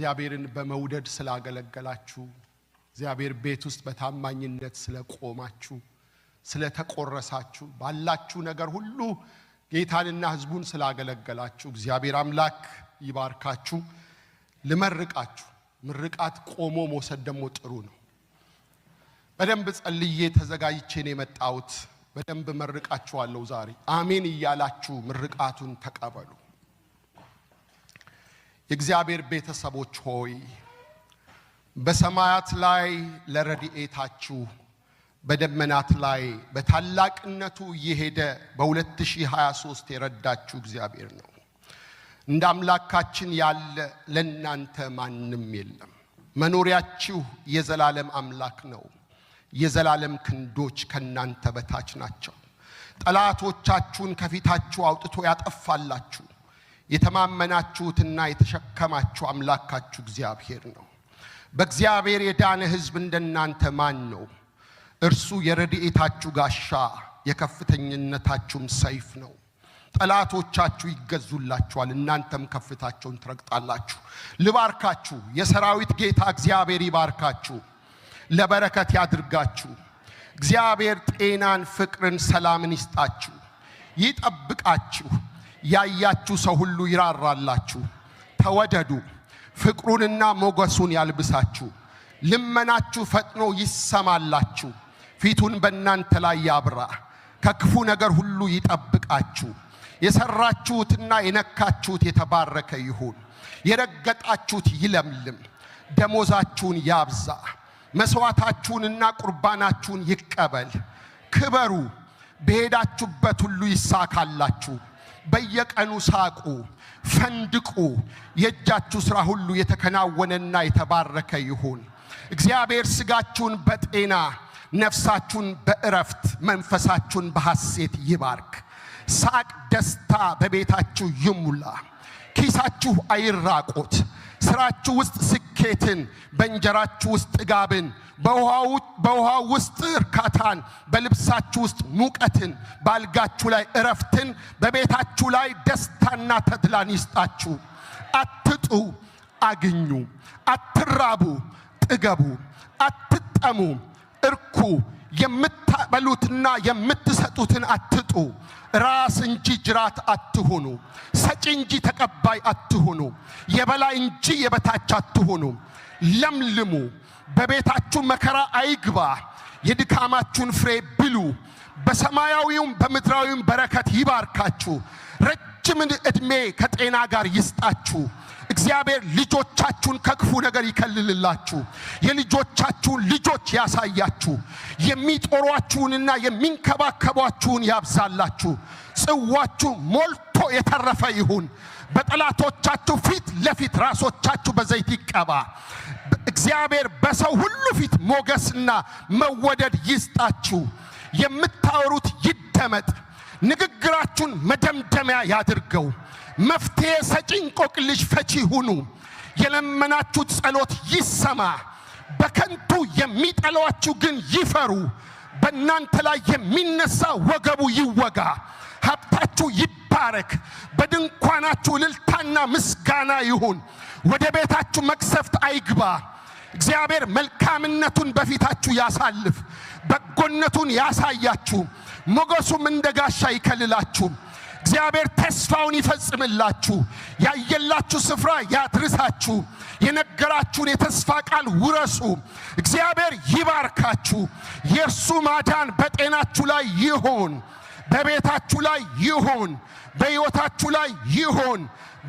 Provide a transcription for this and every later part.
እግዚአብሔርን በመውደድ ስላገለገላችሁ፣ እግዚአብሔር ቤት ውስጥ በታማኝነት ስለቆማችሁ፣ ስለተቆረሳችሁ፣ ባላችሁ ነገር ሁሉ ጌታንና ሕዝቡን ስላገለገላችሁ እግዚአብሔር አምላክ ይባርካችሁ። ልመርቃችሁ። ምርቃት ቆሞ መውሰድ ደግሞ ጥሩ ነው። በደንብ ጸልዬ ተዘጋጅቼ ነው የመጣሁት። በደንብ መርቃችኋለሁ ዛሬ። አሜን እያላችሁ ምርቃቱን ተቀበሉ። የእግዚአብሔር ቤተሰቦች ሆይ በሰማያት ላይ ለረድኤታችሁ በደመናት ላይ በታላቅነቱ እየሄደ በ2023 የረዳችሁ እግዚአብሔር ነው። እንደ አምላካችን ያለ ለእናንተ ማንም የለም። መኖሪያችሁ የዘላለም አምላክ ነው። የዘላለም ክንዶች ከእናንተ በታች ናቸው። ጠላቶቻችሁን ከፊታችሁ አውጥቶ ያጠፋላችሁ። የተማመናችሁትና የተሸከማችሁ አምላካችሁ እግዚአብሔር ነው። በእግዚአብሔር የዳነ ሕዝብ እንደናንተ ማን ነው? እርሱ የረድኤታችሁ ጋሻ የከፍተኝነታችሁም ሰይፍ ነው። ጠላቶቻችሁ ይገዙላችኋል፣ እናንተም ከፍታቸውን ትረግጣላችሁ። ልባርካችሁ፣ የሰራዊት ጌታ እግዚአብሔር ይባርካችሁ፣ ለበረከት ያድርጋችሁ። እግዚአብሔር ጤናን፣ ፍቅርን፣ ሰላምን ይስጣችሁ፣ ይጠብቃችሁ ያያችሁ ሰው ሁሉ ይራራላችሁ። ተወደዱ፣ ፍቅሩንና ሞገሱን ያልብሳችሁ። ልመናችሁ ፈጥኖ ይሰማላችሁ። ፊቱን በእናንተ ላይ ያብራ፣ ከክፉ ነገር ሁሉ ይጠብቃችሁ። የሰራችሁትና የነካችሁት የተባረከ ይሁን፣ የረገጣችሁት ይለምልም። ደሞዛችሁን ያብዛ፣ መሥዋዕታችሁንና ቁርባናችሁን ይቀበል። ክበሩ፣ በሄዳችሁበት ሁሉ ይሳካላችሁ። በየቀኑ ሳቁ፣ ፈንድቁ። የእጃችሁ ሥራ ሁሉ የተከናወነና የተባረከ ይሁን። እግዚአብሔር ሥጋችሁን በጤና ነፍሳችሁን በእረፍት መንፈሳችሁን በሐሴት ይባርክ። ሳቅ፣ ደስታ በቤታችሁ ይሙላ። ኪሳችሁ አይራቆት። ሥራችሁ ውስጥ ስኬትን፣ በእንጀራችሁ ውስጥ ጥጋብን በውሃ ውስጥ እርካታን፣ በልብሳችሁ ውስጥ ሙቀትን፣ በአልጋችሁ ላይ እረፍትን፣ በቤታችሁ ላይ ደስታና ተድላን ይስጣችሁ። አትጡ፣ አግኙ። አትራቡ፣ ጥገቡ። አትጠሙ፣ እርኩ። የምታበሉትና የምትሰጡትን አትጡ። ራስ እንጂ ጅራት አትሁኑ። ሰጪ እንጂ ተቀባይ አትሁኑ። የበላይ እንጂ የበታች አትሁኑ። ለምልሙ በቤታችሁ መከራ አይግባ፣ የድካማችሁን ፍሬ ብሉ፣ በሰማያዊውም በምድራዊውም በረከት ይባርካችሁ፣ ረጅም ዕድሜ ከጤና ጋር ይስጣችሁ። እግዚአብሔር ልጆቻችሁን ከክፉ ነገር ይከልልላችሁ፣ የልጆቻችሁን ልጆች ያሳያችሁ፣ የሚጦሯችሁንና የሚንከባከቧችሁን ያብዛላችሁ። ጽዋችሁ ሞልቶ የተረፈ ይሁን። በጠላቶቻችሁ ፊት ለፊት ራሶቻችሁ በዘይት ይቀባ። እግዚአብሔር በሰው ሁሉ ፊት ሞገስና መወደድ ይስጣችሁ። የምታወሩት ይደመጥ፣ ንግግራችሁን መደምደሚያ ያድርገው። መፍትሔ ሰጪ እንቆቅልሽ ፈቺ ሁኑ። የለመናችሁት ጸሎት ይሰማ። በከንቱ የሚጠሏችሁ ግን ይፈሩ። በእናንተ ላይ የሚነሳ ወገቡ ይወጋ። ሀብታችሁ ይባረክ። በድንኳናችሁ እልልታና ምስጋና ይሁን። ወደ ቤታችሁ መቅሰፍት አይግባ። እግዚአብሔር መልካምነቱን በፊታችሁ ያሳልፍ፣ በጎነቱን ያሳያችሁ፣ ሞገሱም እንደ ጋሻ ይከልላችሁ። እግዚአብሔር ተስፋውን ይፈጽምላችሁ፣ ያየላችሁ ስፍራ ያድርሳችሁ፣ የነገራችሁን የተስፋ ቃል ውረሱ። እግዚአብሔር ይባርካችሁ። የእርሱ ማዳን በጤናችሁ ላይ ይሆን፣ በቤታችሁ ላይ ይሆን፣ በሕይወታችሁ ላይ ይሆን፣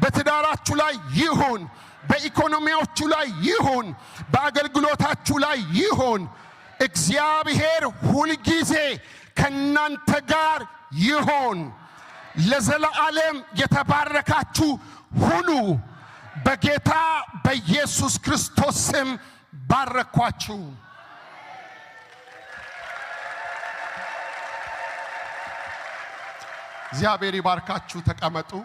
በትዳራችሁ ላይ ይሆን። በኢኮኖሚዎቹ ላይ ይሁን፣ በአገልግሎታችሁ ላይ ይሁን። እግዚአብሔር ሁልጊዜ ከእናንተ ጋር ይሆን። ለዘለዓለም የተባረካችሁ ሁኑ። በጌታ በኢየሱስ ክርስቶስ ስም ባረኳችሁ። እግዚአብሔር ይባርካችሁ። ተቀመጡ።